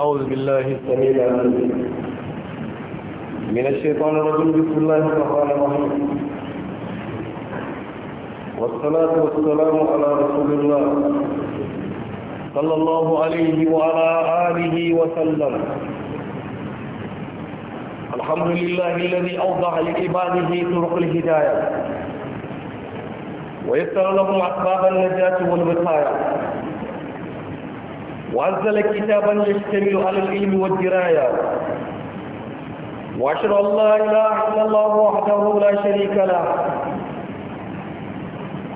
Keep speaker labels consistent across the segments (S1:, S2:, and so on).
S1: أعوذ بالله السميع العليم من الشيطان الرجيم بسم الله الرحمن الرحيم والصلاة والسلام على رسول الله صلى الله عليه وعلى آله وسلم الحمد لله الذي أوضح لعباده طرق الهداية ويسر لهم أسباب النجاة والوقاية وأنزل كتابا يشتمل على العلم والدراية وأشهد أن لا إله إلا الله وحده لا شريك له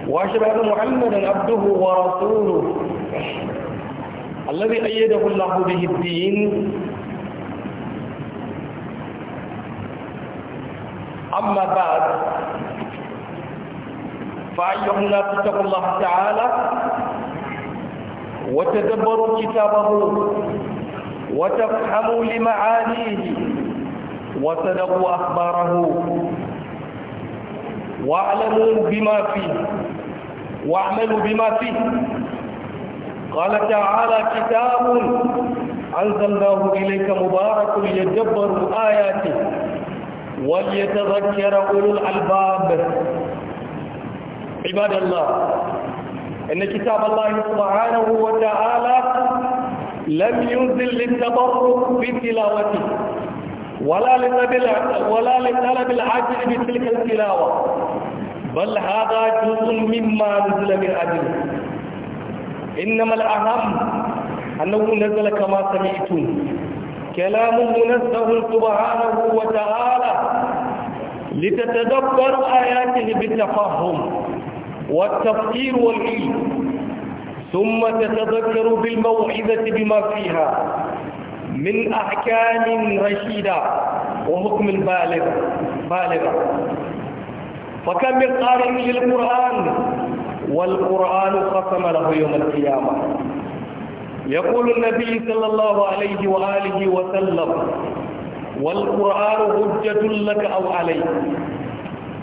S1: وأشهد أن محمدا عبده ورسوله الذي أيده الله به الدين أما بعد فأيها الناس اتقوا الله تعالى وتدبروا كتابه وتفهموا لمعانيه وتلقوا أخباره واعلموا بما فيه واعملوا بما فيه قال تعالى كتاب أنزلناه إليك مبارك ليدبر آياته وليتذكر أولو الألباب عباد الله إن كتاب الله سبحانه وتعالى لم ينزل للتبرك بتلاوته ولا ولا لطلب العجل بتلك التلاوة بل هذا جزء مما نزل من أجله إنما الأهم أنه نزل كما سمعتم كلام منزه سبحانه وتعالى لتتدبر آياته بالتفهم والتفكير والعلم ثم تتذكر بالموعظة بما فيها من أحكام رشيدة وحكم بالغ بالغ فكم من قارئ للقرآن والقرآن قسم له يوم القيامة يقول النبي صلى الله عليه وآله وسلم والقرآن حجة لك أو عليك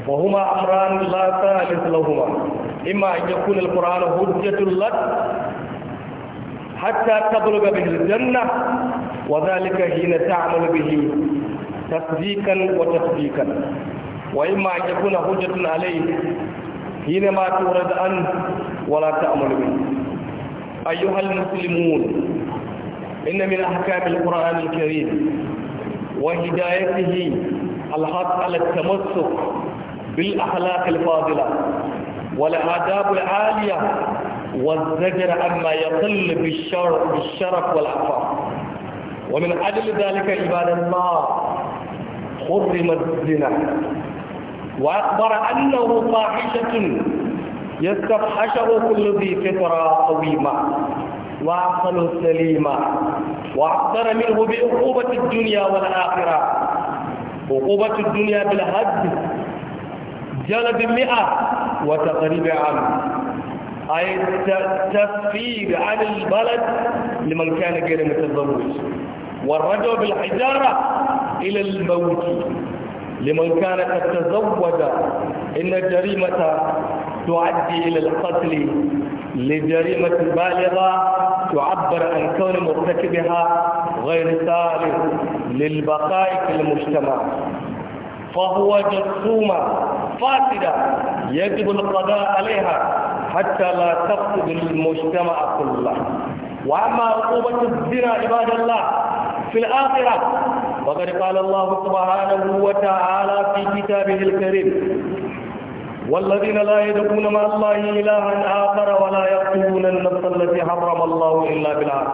S1: وهما أمران لا ثالث لهما إما أن يكون القرآن حجة لك حتى تبلغ به الجنة وذلك حين تعمل به تصديقا وتصديقا وإما أن يكون حجة عليه حينما تورد عنه ولا تعمل به أيها المسلمون إن من أحكام القرآن الكريم وهدايته الحق على التمسك بالأخلاق الفاضلة والآداب العالية والزجر عما يقل بالشرف والعفاف ومن أجل ذلك عباد الله حرم الزنا وأخبر أنه فاحشة يستفحشه كل ذي فطرة قويمة وعقل سليمة وأخبر منه بعقوبة الدنيا والآخرة عقوبة الدنيا بالهد جانب المئة وتقريب عام أي تسفير عن البلد لمن كان غير متزوج والرجوع بالحجارة إلى الموت لمن كان قد تزوج إن الجريمة تؤدي إلى القتل لجريمة بالغة تعبر عن كون مرتكبها غير سالم للبقاء في المجتمع فهو جرثومة فاسدة يجب القضاء عليها حتى لا تفقد المجتمع كله وأما عقوبة الزنا عباد الله في الآخرة فقد قال الله سبحانه وتعالى في كتابه الكريم والذين لا يدعون مع الله إلها آخر ولا يقتلون النفس التي حرم الله إلا بالحق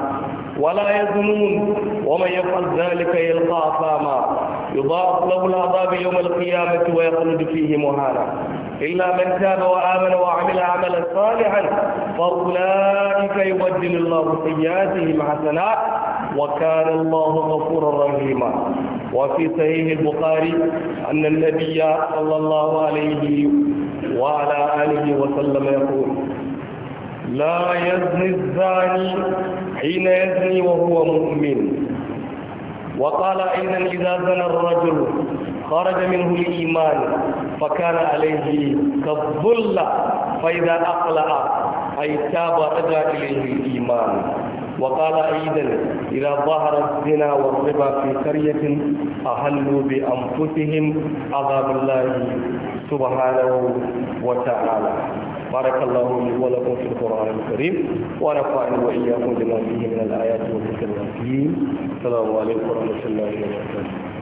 S1: ولا يزنون ومن يفعل ذلك يلقى أثاما يضاعف له العذاب يوم القيامة ويخلد فيه مهانا إلا من تاب وآمن وعمل عملا صالحا فأولئك يبدل الله سيئاتهم حسنات وكان الله غفورا رحيما وفي صحيح البخاري أن النبي صلى الله عليه وعلى آله وسلم يقول لا يزني الزاني حين يزني وهو مؤمن وقال أيضا إذا زنى الرجل خرج منه الإيمان فكان عليه كالظل فإذا أقلع أي تاب رجع إليه الإيمان وقال أيضا إذا ظهر الزنا والربا في قرية أهلوا بأنفسهم عذاب الله سبحانه وتعالى بارك الله لي ولكم في القرآن الكريم ونفعني وإياكم بما فيه من الآيات والذكر الحكيم السلام عليكم ورحمة الله وبركاته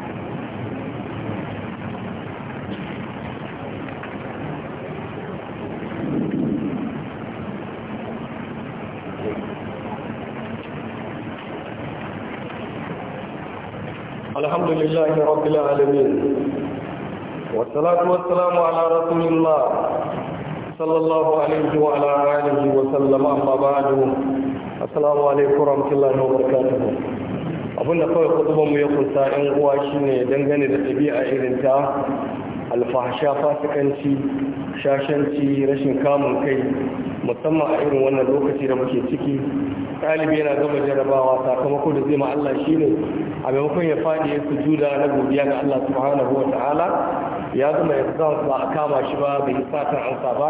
S1: Thank you. الحمد لله رب العالمين والصلاة والسلام على رسول الله صلى الله عليه وعلى آله وسلم أما بعد السلام عليكم ورحمة الله وبركاته أبونا خوي خطبة ميقول سائن قواشيني دنغني لتبيع إيرنتا الفحشا فاسكنتي شاشنتي رشن كامل كي musamman a irin wannan lokaci da muke ciki ɗalibi yana gama jarabawa sakamako da zai ma Allah shi ne a maimakon ya faɗi ya sujuda na godiya ga Allah subhanahu wa ta'ala ya zama ya zan ba a kama shi ba bai fatan amsa ba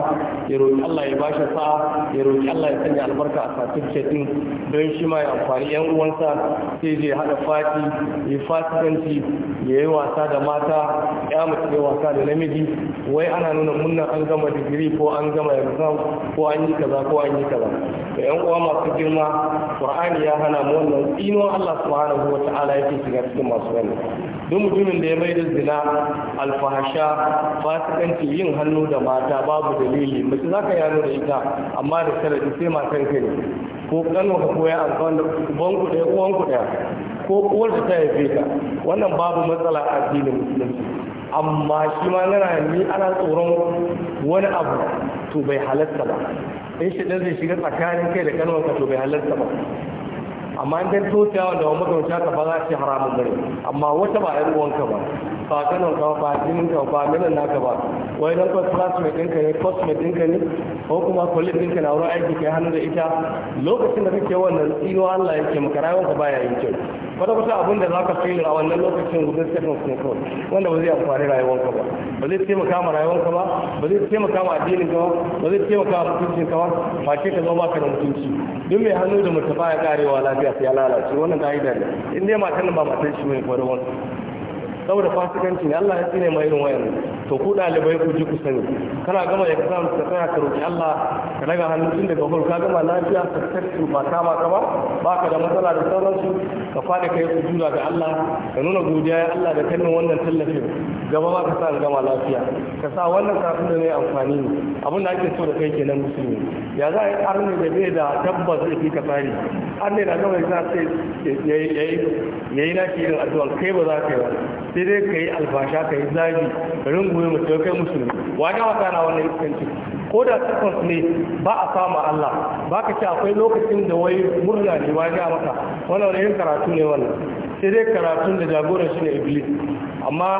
S1: ya roƙi Allah ya bashi sa'a ya roƙi Allah ya sanya albarka a satin din don shi ma ya amfani yan uwansa sai je haɗa fati ya fasikanci ya yi wasa da mata ya mace wasa da namiji wai ana nuna munna an gama digiri ko an gama exam ko an yi kaza ko an yi kaza da yan uwa masu girma qur'ani ya hana mu wannan ino Allah subhanahu wa ta'ala yake shiga cikin masu wannan duk mutumin da ya mai da zina alfahasha fasikanci yin hannu da mata babu dalili mace zaka yano da ita amma da sharadi sai matan ka ne ko kanon ka koya alƙawarin da ɗaya ku ɗaya ko uwar da ta haife ka wannan babu matsala a addinin musulunci amma shi ma yana ni ana tsoron wani abu to bai halatta ba in shi dan zai shiga tsakanin kai da kalmar ka to bai halatta ba amma in dan tota wanda wani makamta ka ba za ce haramun bane amma wata ba yan uwanka ba ba kanon ka ba jinin ka ba minan naka ba wai dan ko mai dinka ne mai dinka ne ko kuma colleague ɗinka na wurin aiki kai hannu da ita lokacin da kake wannan tsiro Allah yake maka ka baya yin kyau wata wata abin da za ka sayar a wannan lokacin gudun second control wanda ba zai amfani rayuwar ka ba ba zai taimaka ma ka ba ba zai taimaka ma addinin ka ba ba zai taimaka ma mutuncin ka ba ba ce ka zama ka da mutunci duk mai hannu da mutum ya karewa lafiya sai ya lalace wannan ka'ida ne in dai matan ba matan shi ne kwarewar saboda fasikanci ne Allah ya tsine mai irin wayan to ku dalibai ku ji ku sani kana gama exam ka tsaya ka roki Allah ka daga hannu tun daga hol ka gama lafiya ka tattu ba ka ba ba ka da matsala da su? ka fada kai ku jura ga Allah ka nuna godiya ya Allah da kallon wannan tallafin gaba ba ka sa gama lafiya ka sa wannan kafin da ne amfani ne abin da ake so da kai kenan musulmi ya za a yi arni da bai da tabbas da ke ka tsari arni da gama ya yi na ke yin addu'a kai ba za ka yi ba sai dai ka yi albasha ka yi zagi rungume mutu kai musulmi wani wata na wannan iskanci. ko da su ne ba a samu Allah ba ka ce akwai lokacin da wai murna ne ba a maka wannan wani yin karatu ne wannan sai dai karatun da jagoran shi ne iblis amma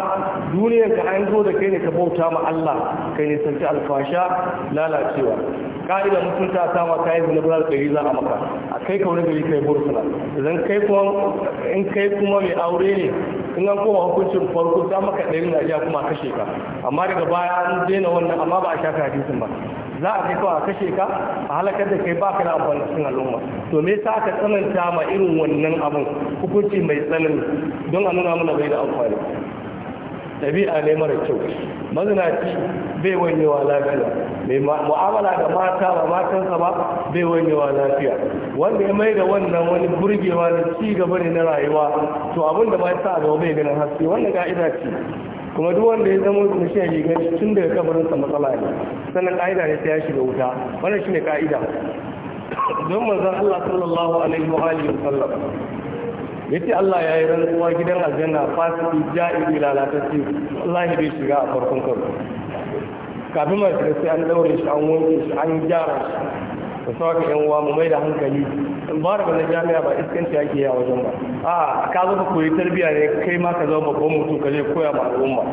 S1: duniyar ka an zo da kai ne ka bauta ma Allah kai ne santi alfasha lalacewa ka'idar mutunta a sama kayan zinabar alƙari za a maka a kai ka wani gari kai bursuna idan kai kuma in kai kuma mai aure ne in an koma hukuncin farko za maka ɗari na ja kuma kashe ka amma daga baya an daina wannan amma ba a shafe hadisin ba za a kai kawai a kashe ka a halakar da kai baka da amfani cikin al'umma to me yasa aka tsananta ma irin wannan abun hukunci mai tsanani don a nuna mana bai da amfani ɗabi'a ne mara kyau mazinaci bai wanyewa lafiya mai mu'amala da mata ba matansa ba bai wanyewa lafiya wanda ya mai da wannan wani burgewa da ci gaba ne na rayuwa to abin da ba ya sa a gaba bai ganin haske wannan ka'ida ce kuma duk wanda ya zama mutum shi ne gani tun daga kabarinsa matsala ne sannan ka'ida ne ta ya shiga wuta wannan shine ka'ida don manzon Allah sallallahu alaihi wa alihi wasallam yace Allah ya yi rantsuwa gidan aljanna fasiki ja'i lalata ce Allah ya bai shiga a farkon karo kafin mai shiga sai an daure shi an wanke shi an gyara shi da ka yan uwa mu mai da hankali in ba da jami'a ba iskanta yake yi a wajen ba a ka zo ka koyi tarbiyya ne kai ma ka zama babban mutum ka je koya ma al'umma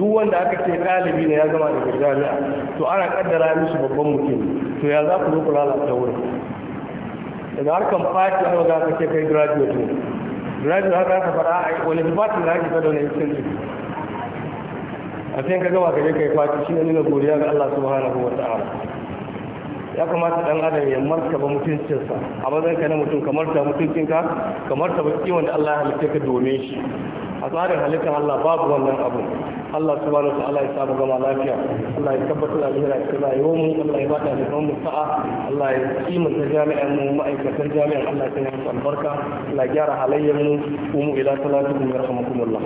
S1: duk wanda aka ce ɗalibi ne ya zama daga jami'a to ana kaddara mishi babban mutum to ya za ku zo ku lalata wurin daga harkan fati an waga ka ce kai graduate ne graduate haka ka faɗa a wani department da ake fada wani iskanci a sai ka gama gare kai fati shi ne nuna godiya ga Allah subhanahu wa ta'ala ya kamata dan adam ya martaba mutuncinsa a bazan ka na mutum kamar ta mutuncinka kamar ta kiwon da Allah ya halitta ka domin shi a tsarin halittar Allah babu wannan abu Allah subhanahu wa ta'ala ya sa gama lafiya Allah ya tabbatar da alheri cikin rayuwar mu Allah ya bada alheri mu sa'a Allah ya kimanta jami'an mu ma'aikatan jami'an Allah ya sanya albarka Allah ya gyara halayyar mu umu ila salatu yarhamukumullah